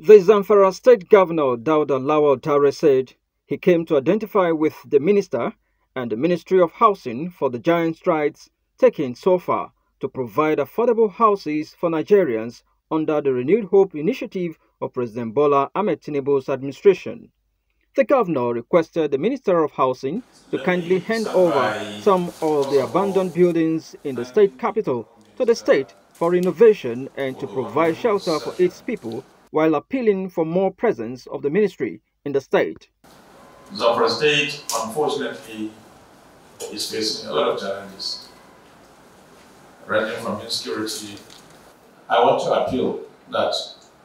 The Zamfara state governor, Dauda Lawal Tare, said he came to identify with the minister and the Ministry of Housing for the giant strides taken so far to provide affordable houses for Nigerians under the Renewed Hope initiative of President Bola Ahmed Tinubu's administration. The governor requested the Minister of Housing to kindly hand over some of the abandoned buildings in the state capital to the state for renovation and to provide shelter for its people while appealing for more presence of the ministry in the state. Zamfara State, unfortunately, is facing a lot of challenges, ranging from insecurity. I want to appeal that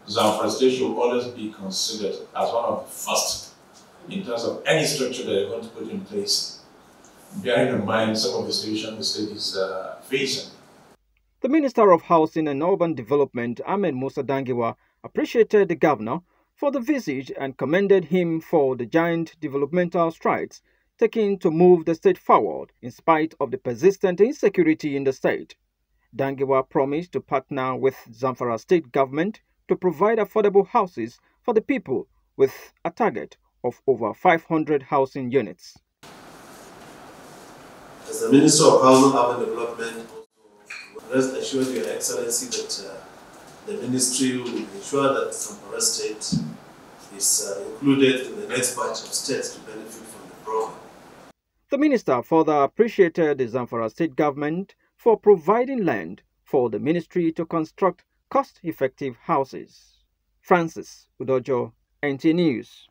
Zamfara State should always be considered as one of the first in terms of any structure that you're going to put in place, bearing in mind some of the situations the state is uh, facing. The Minister of Housing and Urban Development, Ahmed Musa Dangiwa, appreciated the governor for the visit and commended him for the giant developmental strides taken to move the state forward in spite of the persistent insecurity in the state. Dangiwa promised to partner with Zamfara state government to provide affordable houses for the people with a target of over 500 housing units. As the Minister of Housing, Urban Development, rest assured Your Excellency that uh, the ministry will ensure that Zamfara State is uh, included in the next batch of states to benefit from the program. The minister further appreciated the Zamfara state government for providing land for the ministry to construct cost-effective houses. Francis Udojo, NT News.